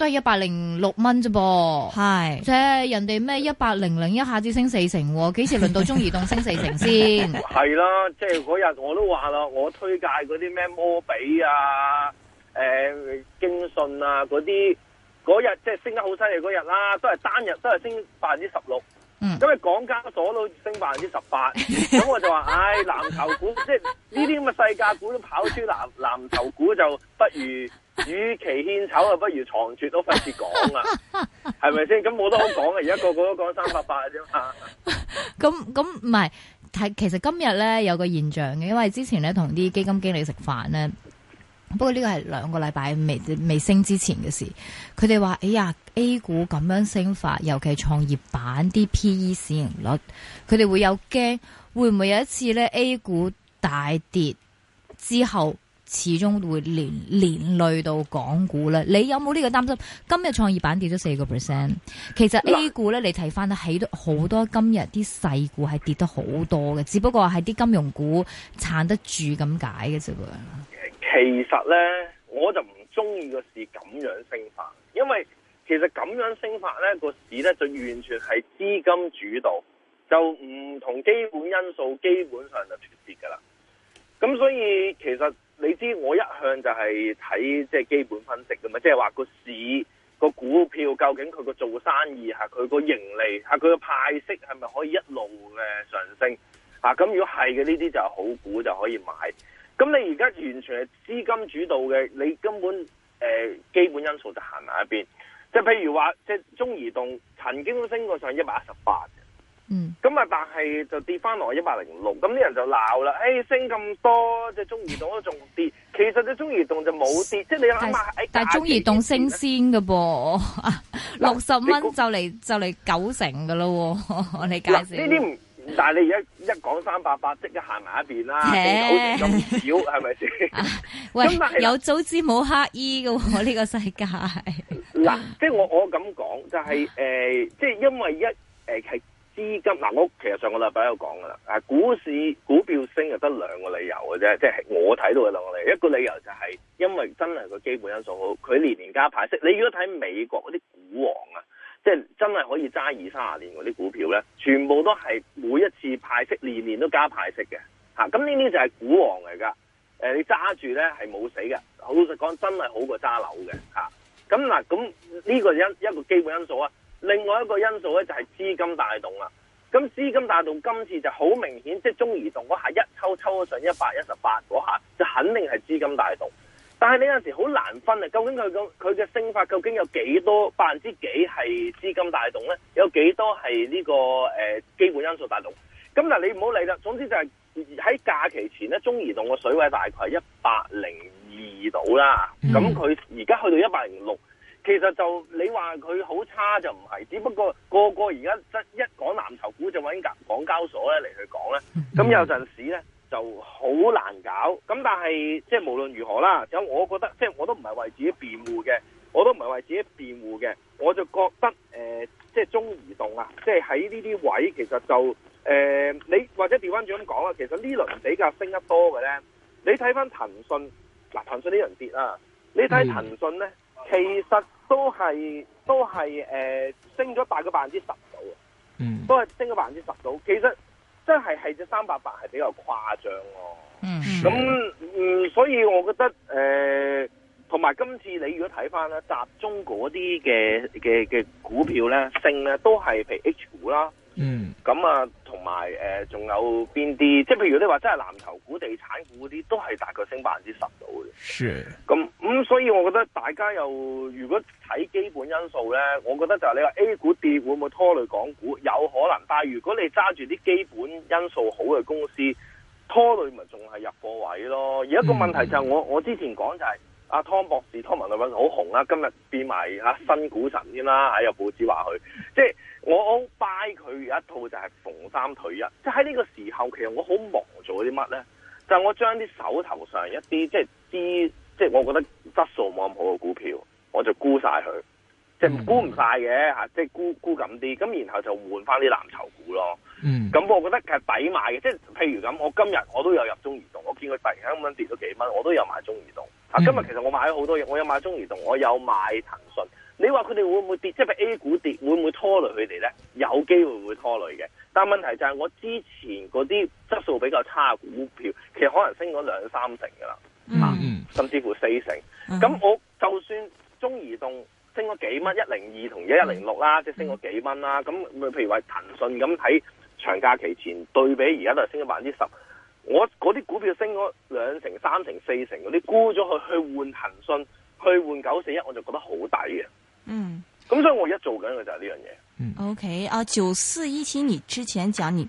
都係一百零六蚊啫噃，係即係人哋咩一百零零一下子升四成，啊，幾時輪到中移動升四成先？係啦， 即係嗰日我都話啦，我推介嗰啲咩摩比啊、誒京信啊嗰啲，嗰日即係升得好犀利嗰日啦，都係單日都係升百分之十六，因為港交所都升百分之十八，咁我就話唉，藍籌股即係呢啲咁嘅世界股都跑輸藍藍籌股，就不如。與其獻醜，不如藏住都費事講啊，係咪先？咁冇 得好講啊！而家個個都講三百八嘅啫嘛。咁咁唔係睇，其實今日咧有個現象嘅，因為之前咧同啲基金經理食飯咧，不過呢個係兩個禮拜未未升之前嘅事。佢哋話：哎呀，A 股咁樣升法，尤其係創業板啲 P E 市盈率，佢哋會有驚，會唔會有一次咧 A 股大跌之後？始終會連連累到港股咧，你有冇呢個擔心？今日創業板跌咗四個 percent，其實 A 股咧，嘞你睇翻咧，睇到好多今日啲細股係跌得好多嘅，只不過係啲金融股撐得住咁解嘅啫。其實咧，我就唔中意個市咁樣升法，因為其實咁樣升法咧，個市咧就完全係資金主導，就唔同基本因素，基本上就脫節噶啦。咁所以其實。你知我一向就係睇即係基本分析噶嘛，即係話個市個股票究竟佢個做生意嚇，佢個盈利嚇，佢個派息係咪可以一路嘅上升啊？咁如果係嘅，呢啲就係好股就可以買。咁你而家完全係資金主導嘅，你根本誒、呃、基本因素就行埋一邊。即係譬如話，即係中移動曾經都升過上一百一十八。嗯，咁啊，但係就跌翻落一百零六，咁啲人就鬧啦，誒，升咁多，即中移動都仲跌，其實隻中移動就冇跌，即係你諗下，但係中移動升先嘅噃，六十蚊就嚟就嚟九成嘅咯，我哋介紹。呢啲唔，但係你而家一講三百八，即刻行埋一邊啦，你好少係咪先？喂，有早知冇黑衣嘅，呢個世界。嗱，即係我我咁講就係誒，即係因為一誒係。資金嗱、啊，我其實上個禮拜有講噶啦，啊，股市股票升就得兩個理由嘅啫，即係我睇到嘅兩個理由，一個理由就係因為真係個基本因素好，佢年年加派息。你如果睇美國嗰啲股王啊，即係真係可以揸二三十年嗰啲股票咧，全部都係每一次派息，年年都加派息嘅吓。咁呢啲就係股王嚟噶，誒，你揸住咧係冇死嘅，好老實講真係好過揸樓嘅吓。咁、啊、嗱，咁呢個因一個基本因素啊。另外一個因素咧就係、是、資金帶動啦，咁資金帶動今次就好明顯，即、就、係、是、中移動嗰下一抽抽咗上一百一十八嗰下，就肯定係資金帶動。但係你有陣時好難分啊，究竟佢佢嘅升法究竟有幾多百分之幾係資金帶動咧？有幾多係呢、這個誒、呃、基本因素帶動？咁嗱，你唔好理啦，總之就係喺假期前咧，中移動個水位大概係一百零二度啦，咁佢而家去到一百零六。其實就你話佢好差就唔係，只不過個個而家一講藍籌股就揾港交所咧嚟去講咧，咁有陣時咧就好難搞。咁但係即係無論如何啦，咁我覺得即係、就是、我都唔係為自己辯護嘅，我都唔係為自己辯護嘅，我就覺得誒，即、呃、係、就是、中移動啊，即係喺呢啲位其實就誒、呃，你或者調翻轉咁講啦，其實呢輪比較升得多嘅咧，你睇翻騰訊，嗱騰，騰訊呢輪跌啦，你睇騰訊咧，其實。都係都係誒、呃，升咗大概百分之十到，嗯，都係升咗百分之十到。其實真係係隻三百八係比較誇張哦。嗯，咁嗯，所以我覺得誒，同、呃、埋今次你如果睇翻咧，集中嗰啲嘅嘅嘅股票咧，升咧都係譬如 H 股啦。嗯，咁啊，同埋誒，仲、呃、有邊啲？即係譬如你話真係藍籌股、地產股嗰啲，都係大概升百分之十到嘅。咁咁是、嗯，所以我覺得大家又如果睇基本因素呢，我覺得就係你話 A 股跌會唔會拖累港股？有可能，但係如果你揸住啲基本因素好嘅公司，拖累咪仲係入貨位咯。而一個問題就係、是、我我之前講就係、是。阿湯、啊、博士湯文偉好紅啦、啊，今日變埋新股神先啦，喺有報紙話佢，即係我好 buy 佢一套就係逢三退一，即係喺呢個時候其實我好忙做啲乜咧，就係、我將啲手頭上一啲即係啲即係我覺得質素冇咁好嘅股票，我就沽曬佢，即係沽唔曬嘅即係沽沽咁啲，咁然後就換翻啲藍籌股咯。咁、嗯、我覺得係抵買嘅，即係譬如咁，我今日我都有入中移動，我見佢突然間咁樣跌咗幾蚊，我都有買中移動。啊，今日其實我買咗好多嘢，我有買中移動，我有買騰訊。你話佢哋會唔會跌？即係 A 股跌，會唔會拖累佢哋呢？有機會會拖累嘅。但問題就係我之前嗰啲質素比較差嘅股票，其實可能升咗兩三成噶啦，嗯、甚至乎四成。咁、嗯、我就算中移動升咗幾蚊，一零二同一一零六啦，即係升咗幾蚊啦。咁譬如話騰訊咁喺長假期前對比而家都係升咗百分之十。我嗰啲股票升咗兩成、三成、四成，嗰啲沽咗去去換騰訊，去換九四一，我就覺得好抵嘅。嗯，咁所以我而家做緊嘅就係呢樣嘢。嗯，O K 啊，九四一七，你之前講你。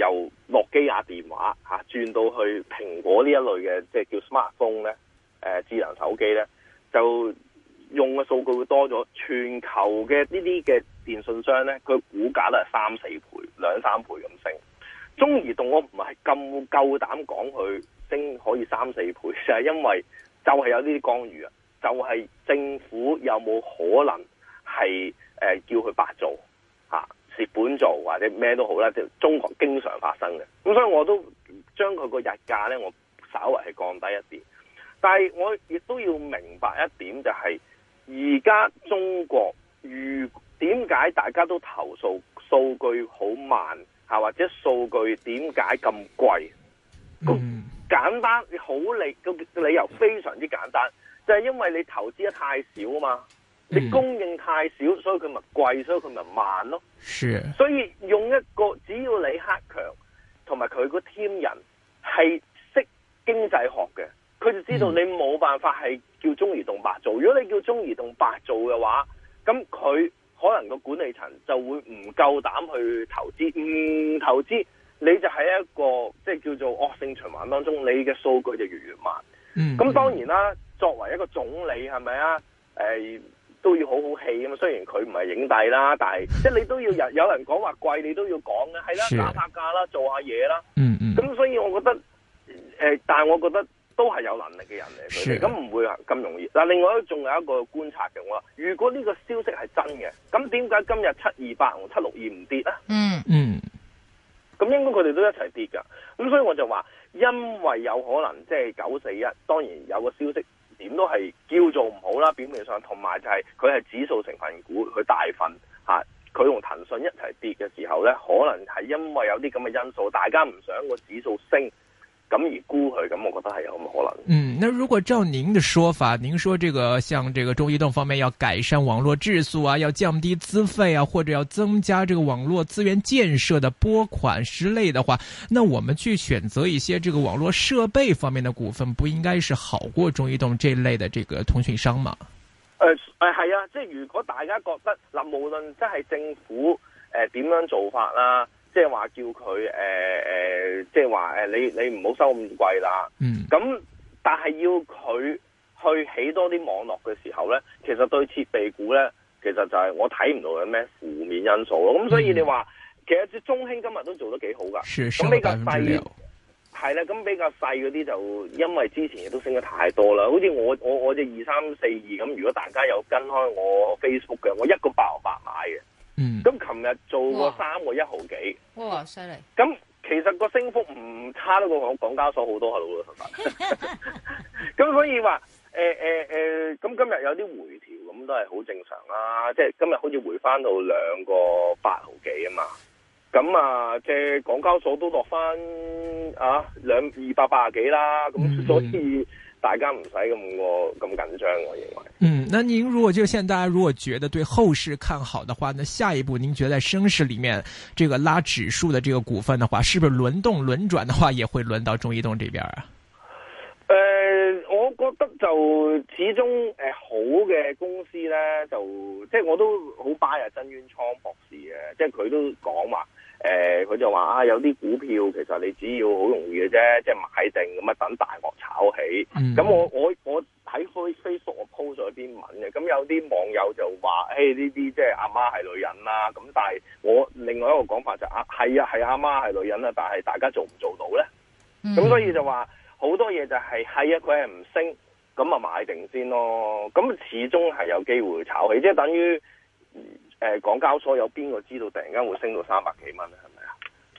由諾基亞電話吓轉、啊、到去蘋果呢一類嘅即係叫 smartphone 咧，誒、呃、智能手機咧，就用嘅數據會多咗。全球嘅呢啲嘅電信商咧，佢股價都係三四倍、兩三倍咁升。中移動我唔係咁夠膽講佢升可以三四倍，就係因為就係有呢啲干預啊，就係、是、政府有冇可能係誒、呃、叫佢白做？日本做或者咩都好啦，即中國經常發生嘅。咁所以我都將佢個日價咧，我稍微係降低一啲。但係我亦都要明白一點，就是，就係而家中國如點解大家都投訴數據好慢，吓或者數據點解咁貴？咁簡單，好理個理由非常之簡單，就係、是、因為你投資得太少啊嘛。你供應太少，嗯、所以佢咪貴，所以佢咪慢咯。是所以用一個只要李克強，同埋佢個 team 人係識經濟學嘅，佢就知道你冇辦法係叫中移動白做。如果你叫中移動白做嘅話，咁佢可能個管理層就會唔夠膽去投資，唔投資你就喺一個即係叫做惡性循環當中，你嘅數據就越越慢。嗯，咁當然啦，作為一個總理係咪啊？欸都要好好氣㗎嘛。雖然佢唔係影帝啦，但係 即係你都要有，有人講話貴，你都要講嘅，係啦、啊、Sure. 打下價啦，做下嘢啦。嗯嗯、mm。咁、hmm. 所以我覺得，誒、呃，但係我覺得都係有能力嘅人嚟，佢哋咁唔會咁容易。但係另外都仲有一個觀察嘅，我話如果呢個消息係真嘅，咁點解今日七二八同七六二唔跌啊？嗯嗯、mm。咁、hmm. 應該佢哋都一齊跌噶，咁所以我就話，因為有可能即係九四一，當然有個消息。點都係叫做唔好啦，表面上同埋就係佢係指數成分股，佢大份吓，佢同騰訊一齊跌嘅時候呢，可能係因為有啲咁嘅因素，大家唔想個指數升。咁而估佢，咁我覺得係有咁可能？嗯，那如果照您的說法，您說這個像這個中移動方面要改善網絡質素啊，要降低資費啊，或者要增加這個網絡資源建設的撥款之類的話，那我們去選擇一些這個網絡設備方面的股份，不應該是好過中移動這一類的這個通訊商嗎？誒誒、呃，係、哎、啊，即係如果大家覺得嗱，無論即係政府誒點、呃、樣做法啦、啊。即係話叫佢誒誒，即係話誒，你你唔好收咁貴啦。嗯。咁但係要佢去起多啲網絡嘅時候咧，其實對設備股咧，其實就係我睇唔到有咩負面因素咯。咁所以你話，嗯、其實中興今日都做得幾好噶。咁比較細係啦。咁比較細嗰啲就因為之前亦都升得太多啦。好似我我我隻二三四二咁，如果大家有跟開我 Facebook 嘅，我一個八毫八買嘅。嗯，咁琴日做過三個一毫幾，哇犀利！咁其實個升幅唔差得過港交所好多係咯，係咪、嗯？咁所以話誒誒誒，咁、欸欸欸欸、今日有啲回調咁都係好正常啦，即係今日好似回翻到兩個八毫幾啊嘛，咁啊即係港交所都落翻啊兩二百八十幾啦，咁所以。嗯嗯大家唔使咁個咁緊張、啊，我認為。嗯，那您如果就現在大家如果覺得對後市看好的話，那下一步您覺得在升市裏面這個拉指數的這個股份的話，是不是輪動輪轉的話，也會輪到中移動這邊啊？誒、呃，我覺得就始終誒、呃、好嘅公司咧，就即係我都好 buy 啊，曾淵滄博士嘅、啊，即係佢都講話。誒，佢、呃、就話啊，有啲股票其實你只要好容易嘅啫，即、就、係、是、買定咁啊，等大鱷炒起。咁、嗯、我我我喺開 Facebook，我 post 咗啲文嘅。咁有啲網友就話，誒，呢啲即係阿媽係女人啦、啊。咁但係我另外一個講法就是、啊，係啊係阿媽係女人啦、啊，但係大家做唔做到咧？咁、嗯、所以就話好多嘢就係、是、係啊，佢係唔升，咁啊買定先咯。咁始終係有機會炒起，即、就、係、是、等於。誒，港交所有邊個知道突然間會升到三百幾蚊咧？係咪啊？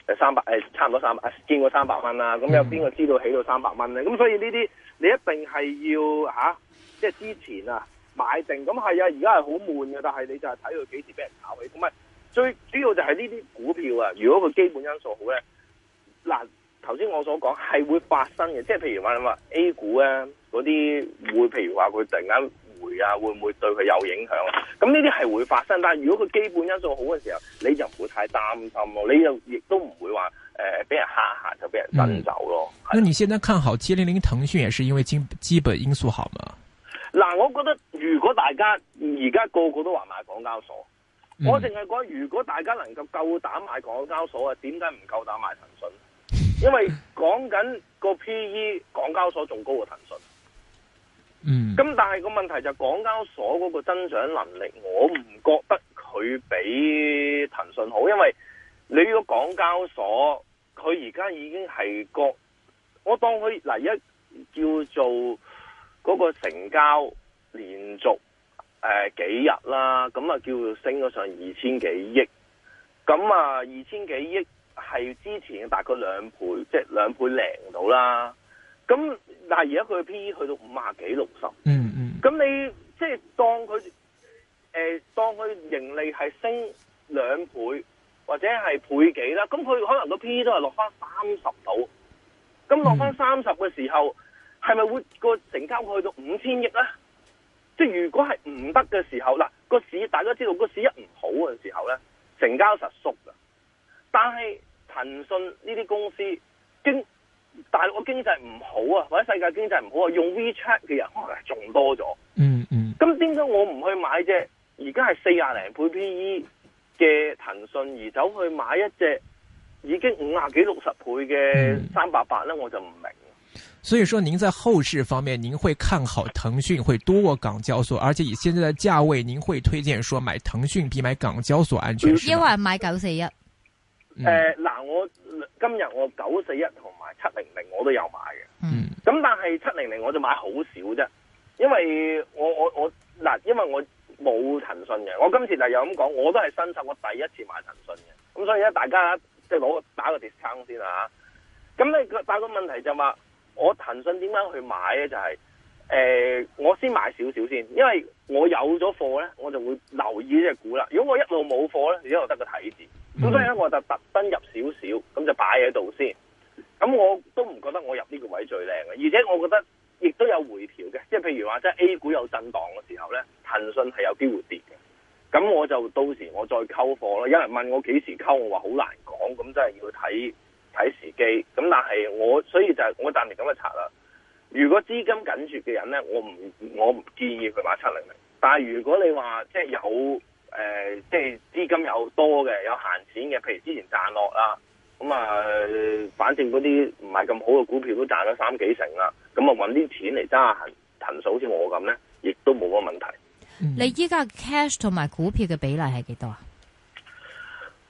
誒，三百誒，差唔多三百，見過三百蚊啦。咁有邊個知道起到三百蚊咧？咁所以呢啲你一定係要吓，即、啊、係、就是、之前啊買定。咁係啊，而家係好悶嘅，但係你就係睇佢幾時俾人炒起。咁啊，最主要就係呢啲股票啊，如果個基本因素好咧，嗱、啊，頭先我所講係會發生嘅。即、就、係、是、譬如話你話 A 股咧、啊，嗰啲會譬如話佢突然間。會啊，會唔會對佢有影響？咁呢啲係會發生，但係如果佢基本因素好嘅時候，你就唔會太擔心咯，你也不，呃、嚇嚇，就亦都唔會話，誒俾人吓下就俾人跟走咯。嗯、吧那你現在看好七零零騰訊，也是因為基基本因素好嗎？嗱，我覺得如果大家而家個個都話買港交所，嗯、我淨係講，如果大家能夠夠膽買港交所啊，點解唔夠膽買騰訊？ 因為講緊個 P E 港交所仲高過騰訊。嗯，咁但係個問題就係港交所嗰個增長能力，我唔覺得佢比騰訊好，因為你果港交所，佢而家已經係個我當佢嗱一叫做嗰個成交連續誒、呃、幾日啦，咁啊叫升咗上二千幾億，咁啊二千幾億係之前大概兩倍，即係兩倍零到啦。咁嗱，而家佢嘅 P E 去到五十幾、六十，嗯嗯，咁你即係、就是、當佢誒、呃，當佢盈利係升兩倍或者係倍幾啦，咁佢可能個 P E 都係落翻三十度，咁落翻三十嘅時候，係咪、嗯、會個成交去到五千億咧？即、就、係、是、如果係唔得嘅時候，嗱、那個市大家知道個市一唔好嘅時候咧，成交實縮噶，但係騰訊呢啲公司經。大陸經濟唔好啊，或者世界經濟唔好啊，用 WeChat 嘅人可能係仲多咗、嗯。嗯嗯。咁點解我唔去買一隻？而家係四十零倍 PE 嘅騰訊，而走去買一隻已經五十幾六十倍嘅三八八咧，嗯、我就唔明。所以說，您在後市方面，您會看好騰訊會多過港交所，而且以現在嘅價位，您會推薦說買騰訊比買港交所安全。因為買九四一。誒、嗯，嗱、呃，我今日我九四一同。七零零我都有買嘅，咁、嗯、但係七零零我就買好少啫，因為我我我嗱，因為我冇騰訊嘅，我今次就又咁講，我都係新手，我第一次買騰訊嘅，咁所以咧大家即係攞個打個 discount 先吓、啊，咁咧但係個問題就係話，我騰訊點樣去買咧？就係、是、誒、欸，我先買少少先，因為我有咗貨咧，我就會留意呢隻股啦。如果我一路冇貨咧，就一路得個睇字，咁、嗯、所以咧我就特登入少少，咁就擺喺度先。咁我都唔覺得我入呢個位最靚嘅，而且我覺得亦都有回調嘅，即係譬如話，即係 A 股有震盪嘅時候呢，騰訊係有機會跌嘅。咁我就到時我再溝貨咯。有人問我幾時溝，我話好難講，咁真係要睇睇時機。咁但係我所以就係我暫時咁樣查啦。如果資金緊缺嘅人呢，我唔我唔建議佢買七零零。但如果你話即係有、呃、即係資金有多嘅，有閒錢嘅，譬如之前賺落啦、啊。咁啊，反正嗰啲唔係咁好嘅股票都賺咗三幾成啦，咁啊揾啲錢嚟揸下騰數，好似我咁咧，亦都冇個問題。嗯、你依家 cash 同埋股票嘅比例係幾多啊？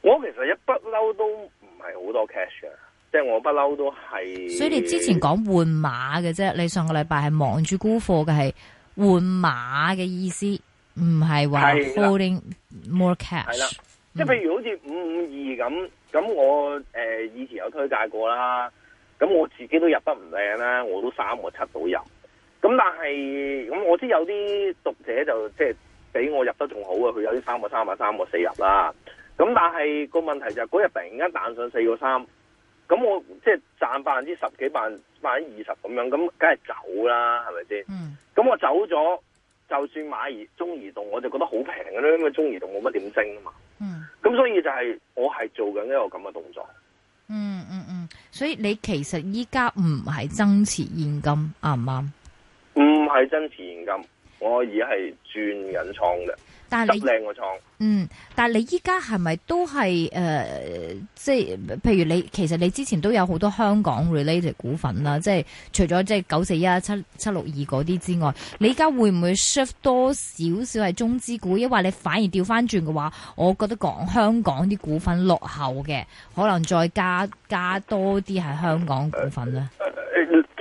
我其實一不嬲、就是、都唔係好多 cash 嘅，即係我不嬲都係。所以你之前講換馬嘅啫，你上個禮拜係忙住沽貨嘅係換馬嘅意思，唔係話 holding more cash。係啦，即係譬如好似五五二咁。嗯咁我誒、呃、以前有推介過啦，咁我自己都入得唔靚啦，我都三個七度入。咁但係，咁我知有啲讀者就即係俾我入得仲好啊，佢有啲三個三啊三個四入啦。咁但係、嗰個問題就係、係、嗰日突然間彈上四個三，咁我即係賺百分之十幾百、百百分之二十咁樣，咁梗係走啦，係咪先？嗯。咁我走咗，就算買移中移動，我就覺得好平嘅啦，因為中移動冇乜點升啊嘛。咁所以就係我係做緊一個咁嘅動作，嗯嗯嗯，所以你其實依家唔係增持現金啱唔啱？唔係增持現金，我而家係轉緊倉嘅。但係嗯，但係你依家係咪都係誒、呃，即係譬如你其實你之前都有好多香港 related 股份啦，即係除咗即係九四一七七六二嗰啲之外，你依家會唔會 shift 多少少係中資股？因為你反而調翻轉嘅話，我覺得講香港啲股份落後嘅，可能再加加多啲係香港股份咧。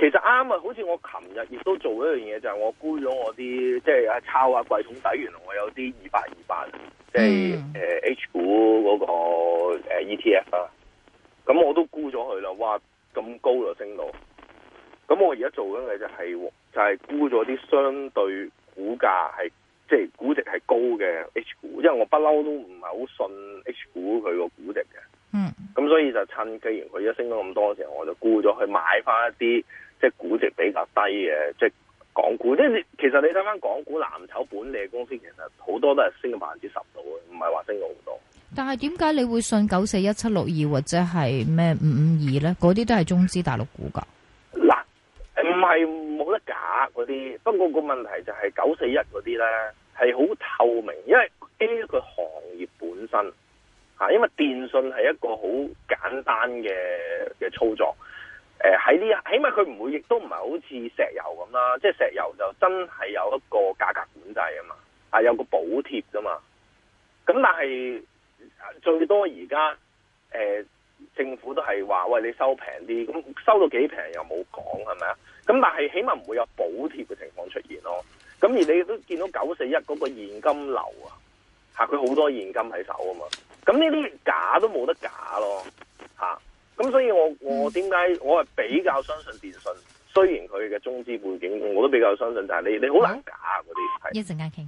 其實啱啊，好似我琴日亦都做一樣嘢，就係、是、我沽咗我啲，即、就、係、是啊、抄下、啊、櫃桶底。原來我有啲二百二百，即係誒 H 股嗰、那個誒、呃、ETF 啦、啊。咁我都沽咗佢啦，哇咁高就升到。咁我而家做緊嘅就係、是、就係沽咗啲相對股價係即係估值係高嘅 H 股，因為我不嬲都唔係好信 H 股佢個估值嘅。嗯。咁所以就趁既然佢而家升咗咁多嘅時候，我就沽咗去買翻一啲。即係估值比較低嘅，即係港股。即係其實你睇翻港股藍籌本地嘅公司，其實好多都係升百分之十度嘅，唔係話升好多。但係點解你會信九四一七六二或者係咩五五二咧？嗰啲都係中資大陸股噶。嗱、嗯，唔係冇得假嗰啲。不過個問題就係九四一嗰啲咧，係好透明，因為基於個行業本身吓，因為電信係一個好簡單嘅嘅操作。誒，喺呢、呃，起碼佢唔會，亦都唔係好似石油咁啦，即係石油就真係有一個價格管制啊嘛，啊有個補貼噶嘛，咁但係最多而家，誒、呃，政府都係話喂，你收平啲，咁、嗯、收到幾平又冇講係咪啊？咁但係起碼唔會有補貼嘅情況出現咯，咁、啊、而你都見到九四一嗰個現金流啊，吓佢好多現金喺手啊嘛，咁呢啲假都冇得假咯，吓、啊。咁所以我，我點解我係比較相信電信？雖然佢嘅中資背景，我都比較相信，但係你你好難假嗰啲係。